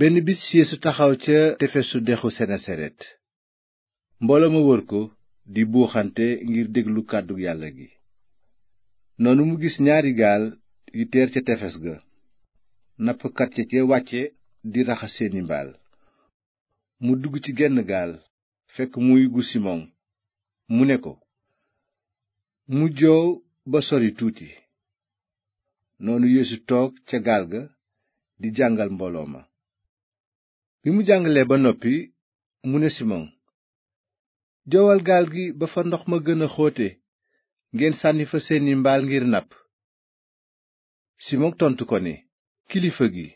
benn bis yeesu taxaw ca tefesu dexu senesaret mbooloo ma wër ko di buuxante ngir déglu kàddu yàlla gi noonu mu gis ñaari gaal yu teer ca tefes ga nappkat ya ca wàcce di raxas seeni mbaal mu dugg ci genn gaal fekk muy gu simoŋ mu ne ko mu joow ba sori tuuti noonu yeesu toog ca gaal ga di jàngal mbooloo ma bi mu jàngalee ba noppi mu ne simoŋ jowal gaal gi ba fa ndox ma gën a xóote ngeen sànni fa seeni mbaal ngir napp simoŋ tontu ko ne kilifa gi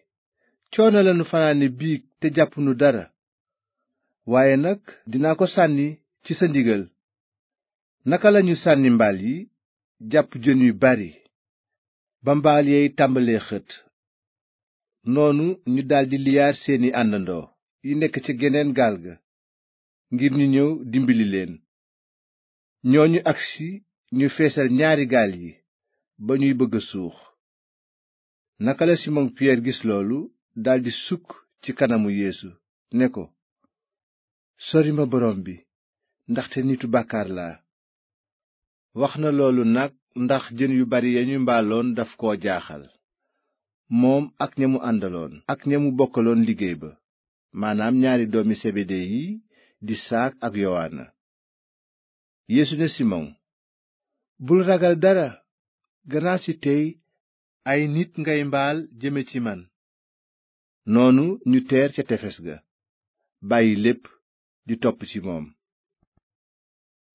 coono lanu fanaane biig te jàppunu dara waaye nag dinaa ko sànni ci sa ndigal naka lañu sànni mbaal yi jàpp jën yu bari ba mbaal yey tàmbalee xët noonu ñu daldi liyaar seeni àndandoo yi nekk ca geneen gaal ga ngir ñu ñëw dimbali leen ñooñu agsi ñu feesal ñaari gaal yi ba ñuy bëgg a suux naka la simon piyeer gis loolu daldi sukk ci kanamu yéesu ne ko sori ma borom bi ndaxte nitu bàkkaar laa wax na loolu nag ndax jën yu bari ya ñuy mbaaloon daf koo jaaxal moom ak ña mu àndaloon ak ña mu bokkaloon liggéey ba maanaam ñaari doomi sebede yi di saak ak yowaana yéesu ne simoŋ bul ragal dara gannaaw si tey ay nit ngay mbaal jëme ci man noonu ñu teer ca tefes ga bàyyi lépp di topp ci moom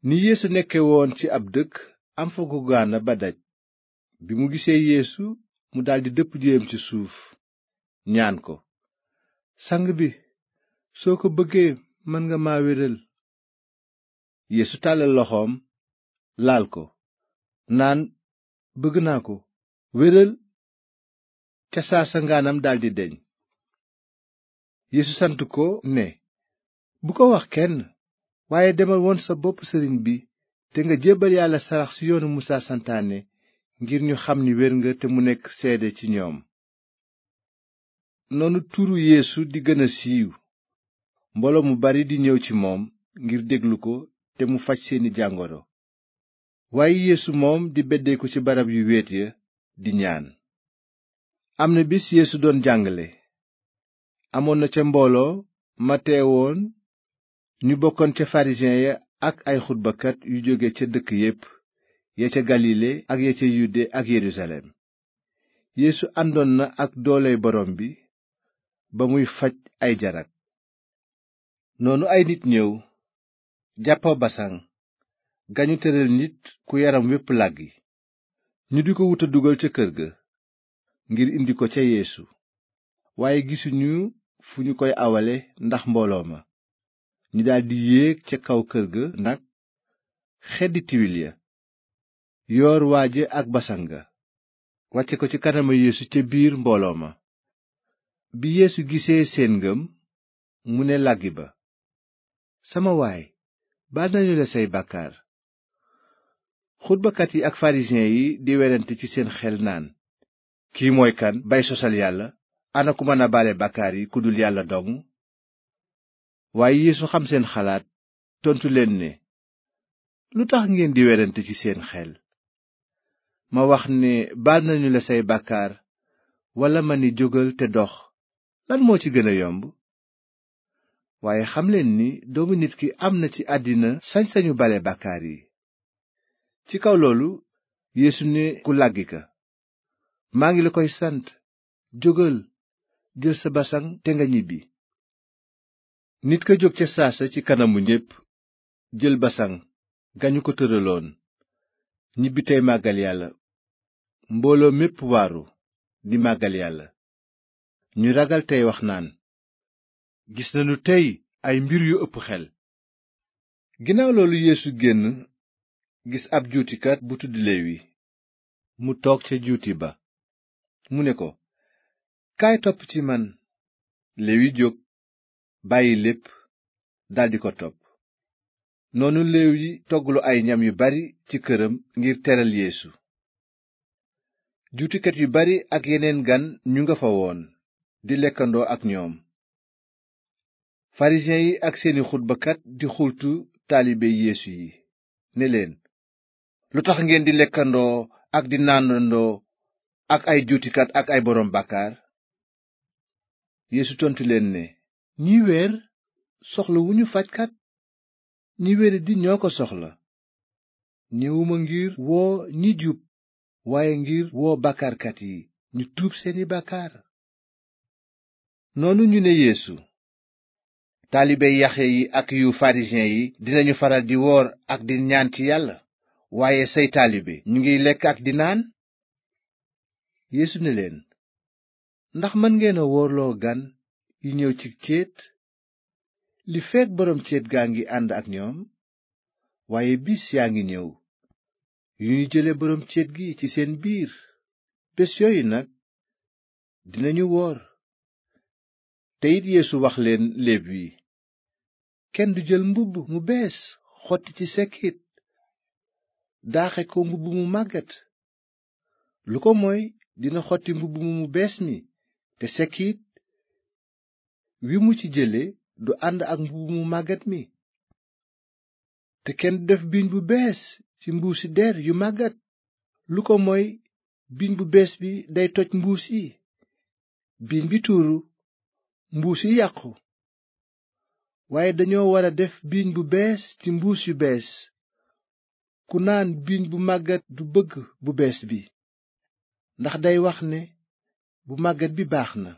ni yeesu nekke ci ab dëkk am fa ku gaana ba daj bi mu gisee yeesu mu daldi dëpp jëyam ci suuf ñaan ko sang bi soo ko bëggee mën nga ma wéral yéesu tàllal loxoom laal ko naan bëgg naa ko wéral ca saa sa ngaanam daldi deñ yéesu sant ko ne bu ko wax kenn waaye demal woon sa bopp sëriñ bi te nga jébbal yàlla sarax ci yoonu musaa santaane xam ni wér nga te mu nekk seede ci ñoom noonu turu yéesu di gëna siiw mbooloo mu bari di ñëw ci moom ngir déglu ko te mu faj seeni jàngoro waaye yeesu moom di beddeeku ci barab yu wéet ya di ñaan am na bés yeesu doon jàngale amoon na ca mbooloo ma teewoon ñu bokkoon ca farisiyen ya ak ay xutbakat yu jóge ca dëkk yépp ya ca galile ak ya ca yéesu àndoon na ak doole boroom bi ba muy faj ay jarag noonu ay nit ñëw jàppa basaŋ gañu tëral nit ku yaram wépp làggi ñu di ko wuta dugal ca kër ga ngir indi ko ca yéesu waaye gisuñu fu ñu koy awale ndax mbooloo ma ñu daldi yéeg ca kaw kër ga nag xeddi tiwil ya yoor waa ji ak basan ga wàcce ko ci kanama yeesu ca biir mbooloo ma bi yéesu gisee seen ngëm mu ne làggi ba sama waay baal nañu la say bàkkaar xutbakat yi ak farisiyen yi di werante ci seen xel naan kii mooy kan bay sosal yàlla ana ku mën a baale bàkkaar yi ku dul yàlla dong waaye yeesu xam seen xalaat tontu leen ne lu tax ngeen di werante ci seen xel ma wax ne baal nañu la say bàkkaar walla ma ni jógal te dox lan moo ci gën a yomb waaye xamleen ni doomu nit ki am na ci àddina sañ-sañu bale bàkkaar yi ci kaw loolu yéesu ne ku làggi ka maa ngi la koy sant jógal jël sa basaŋ te nga ñibbi nit ka jóg ca saasa ci kanamu ñépp jël basaŋ gañu ko tëraloon ñibbi tey màggal yàlla mbooloo mépp waaru di màggal yàlla ñu ragal tey wax naan gis nañu tey ay mbir yu ëpp xel ginnaaw loolu yéesu génn gis ab juutikat bu tudd lewi mu toog ca juuti ba mu ne ko kaay topp ci man lewi jóg bàyyi lépp daldi ko topp noonu lewi togglu ay ñam yu bari ci këram ngir teral yéesu juutikat yu bari ak yeneen gan ñu nga fa woon di lekkandoo ak ñoom farisiyen yi ak seeni xutbakat di xultu taalibe yéesu yi ne leen lu tax ngeen di lekkandoo ak di naanandoo ak ay juutikat ak ay boroom bàkkaar yeesu tontu leen ne ñi wér soxla wu ñu fajkat ñi wéradi ñoo ko soxla ñëwuma ngir woo ñi jub waaye ngir woo bàkkaarkat yi ñu tuub seeni bàkkaar noonu ñu ne yéesu taalibe yaxe yi ak yu farisiyen yi dinañu faral di woor ak di ñaan ci yàlla waaye say taalibe ñu ngi lekk ak di naan yeesu ne leen ndax mën ngeen a woorloo gan yi ñëw ci céet li fekk boroom céet gaa ngi ànd ak ñoom waaye bis yaa ngi ñëw yuy jële boroom ceet gi ci seen biir bés yooyu nag dinañu woor te yéesu yeesu wax leen léeb wi kenn du jël mbubb mu bees xotti ci sekkit daaxe ko mbubb mu màggat lu ko mooy dina xotti mbubb mu bees mi te sekkit wi mu ci jële du ànd ak mbubb mu màggat mi te kenn du def biiñ bu bees ci mbuusi der yu màggat lu ko mooy biiñ bu bees bi day toj mbuus yi biiñ bi tuuru mbuus yi yàqu waaye dañoo war a def biiñ bu bees ci mbuus yu bees ku naan biiñ bu màggat du bëgg bu bees bi ndax day wax ne bu màggat bi baax na